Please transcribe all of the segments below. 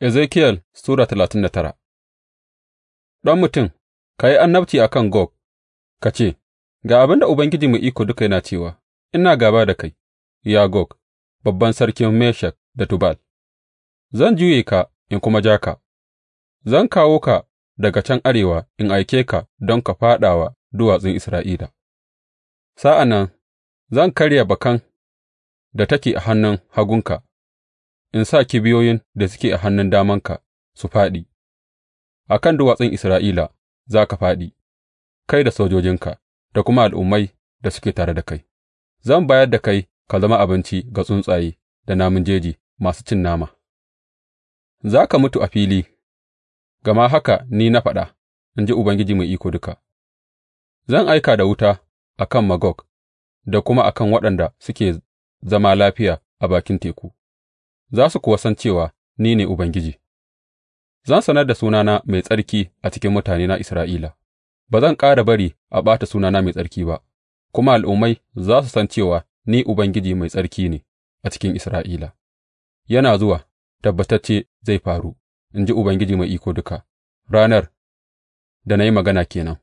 Ezekiel Sura talatin da tara Ɗan mutum, ka yi annabci a kan Gog, ka ce, Ga abin da Ubangiji Mai Iko Duka yana cewa, Ina gaba da kai, ya Gog, babban sarkin Meshek da Tubal, zan juye ka in kuma ja ka, zan kawo ka daga can arewa in aike ka don ka fāɗa wa duwatsun Isra'ila, sa'an nan zan karya bakan da take a hannun hagunka in sa kibiyoyin da suke a hannun damanka su fāɗi; a kan duwatsun Isra'ila za ka fāɗi, kai da sojojinka da kuma al'ummai da suke tare da kai; zan bayar da kai ka zama abinci ga tsuntsaye da namun jeji masu cin nama, za ka mutu a fili, gama haka ni na faɗa, in ji Ubangiji Mai Iko Duka. Zan aika da wuta a kan Magog da kuma a kan waɗanda suke zama lafiya a bakin teku. za su kuwa san cewa ni ne Ubangiji; zan sanar da sunana mai tsarki a cikin mutanena Isra'ila, ba zan ƙara bari a ɓata sunana mai tsarki ba, kuma al'ummai za su san cewa ni Ubangiji mai tsarki ne a cikin Isra'ila, yana zuwa, tabbatacce zai faru, in ji Ubangiji Mai Iko Duka, ranar da na yi magana kenan.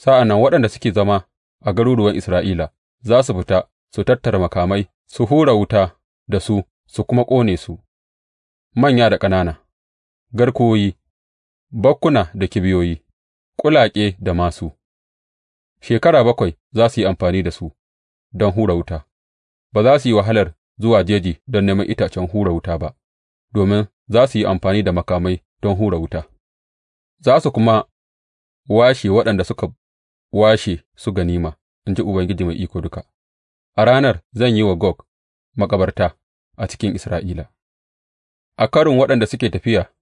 Sa'a Sa'an nan waɗanda suke zama a garuruwan Isra'ila za su fita su tattara makamai su hura wuta da su su kuma ƙone su, manya da ƙanana, garkuwoyi, bakkuna da kibiyoyi, ƙulaƙe da masu. Shekara bakwai za su yi amfani da su don hura wuta, ba za su yi wahalar zuwa jeji don neman itacen hura wuta ba, domin za su yi amfani da makamai don hura wuta, za su kuma washe waɗanda suka washe su ganima, in ji Ubangiji Mai Iko Duka. A ranar zan yi wa Gog makabarta, a cikin Isra'ila, a karin waɗanda suke tafiya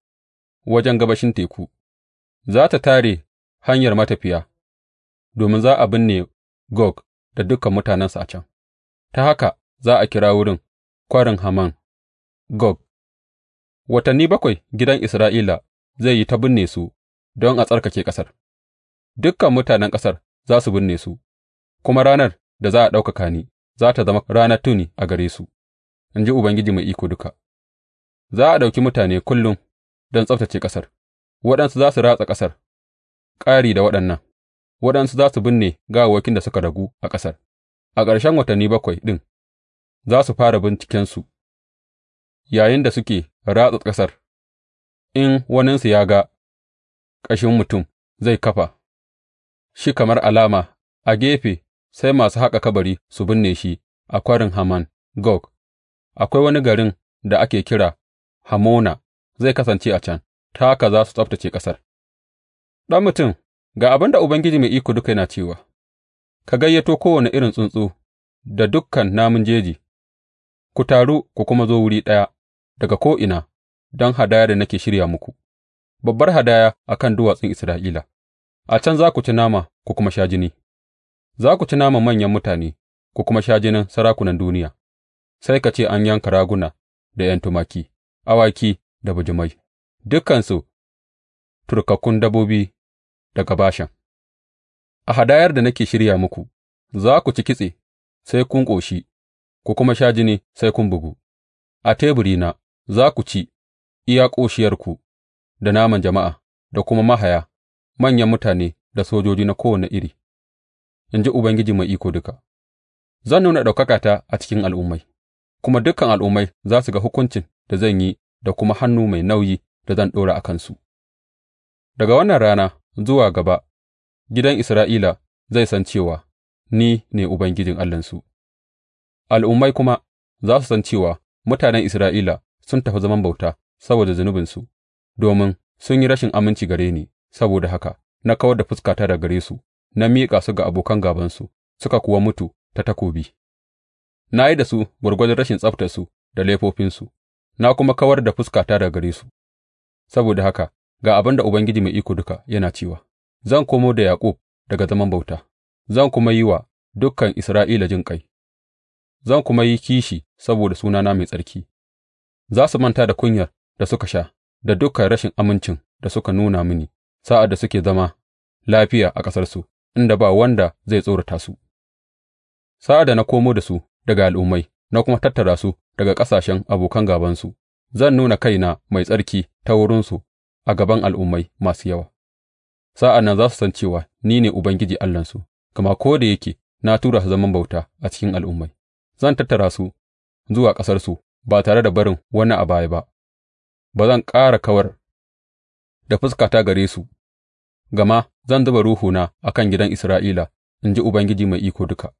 wajen gabashin teku, za ta tare hanyar matafiya, domin za a binne Gog da dukan mutanensa a can, ta haka za a kira wurin Kwarin Haman Gog. Watanni bakwai gidan Isra'ila zai yi ta binne su don a tsarkake ƙasar, dukan mutanen ƙasar za su binne su, kuma ranar da za a ɗaukaka ni za ta zama ranar tuni a gare su. in ji Ubangiji Mai Iko Duka, za a ɗauki mutane kullum don tsabtacce ƙasar, waɗansu za su ratsa ƙasar, ƙari da waɗannan, waɗansu za su binne gawawwakin da suka ragu a ƙasar, a ƙarshen watanni bakwai ɗin za su fara bincikensu da suke ratsa ƙasar, in waninsu ya ga ƙashin mutum zai kafa shi kamar alama a gefe sai masu haƙa kabari su binne shi a kwarin Haman Gog. Akwai wani garin da ake kira Hamona zai kasance a can, ta haka za su tsabtacce ƙasar Ɗan mutum, ga abin da Ubangiji Mai Iko Duka yana cewa, Ka gayyato kowane irin tsuntsu da dukkan namun jeji, ku taru ku kuma zo wuri ɗaya daga ko'ina don hadaya da nake shirya muku, babbar hadaya a kan duwatsun Isra'ila, a can za ku ci nama ku kuma sha jini, za ku ci nama manyan mutane ku kuma sha jinin sarakunan duniya. sai ka ce an yanka raguna da ’yan tumaki, awaki da bijimai, dukansu turkakkun dabbobi daga Bashan. A hadayar da nake shirya muku, za ku ci kitse sai kun ƙoshi, ku kuma sha jini sai kun bugu, a teburina za ku ci iya ƙoshiyarku da naman jama'a da kuma mahaya, manyan mutane da sojoji na kowane iri, in ji Ubangiji Mai Iko Duka. Zan nuna ɗaukakata a cikin al'ummai. kuma dukan al'ummai za su ga hukuncin da zan yi da kuma hannu mai nauyi da zan ɗora a kansu. Daga wannan rana zuwa gaba, gidan Isra'ila zai san cewa ni ne Ubangijin Allahnsu, al'ummai kuma za su san cewa mutanen Isra'ila sun tafi zaman bauta saboda zunubinsu, domin sun yi rashin aminci gare ni, saboda haka na kawar da fuskata daga gare su, na miƙa su ga abokan gabansu suka kuwa mutu ta takobi. na yi da su gwargwadon rashin tsabtarsu da laifofinsu na kuma kawar da fuskata daga gare su, saboda haka ga abin da Ubangiji Mai Iko Duka yana cewa, Zan komo da Yaƙub daga zaman bauta, zan kuma yi wa dukan Isra'ila jin jinƙai, zan kuma yi kishi saboda sunana mai tsarki, za su manta da kunyar da suka sha, da dukan rashin amincin da suka nuna mini sa'ad da suke zama lafiya a ƙasarsu, inda ba wanda zai tsorata su. Sa'ad da na komo da su daga al'ummai na kuma tattara su daga ƙasashen abokan gābansu, zan nuna kaina mai tsarki ta wurinsu a gaban al'ummai masu yawa, sa'an nan za su san cewa ni ne Ubangiji Allahnsu, gama ko da yake na tura su zaman bauta a cikin al'ummai, zan tattara su zuwa ƙasarsu ba tare da barin wani a baya ba, ba zan ƙara kawar da fuskata gare su, gama zan zuba ruhuna a kan gidan Isra'ila, in ji Ubangiji Mai Iko Duka.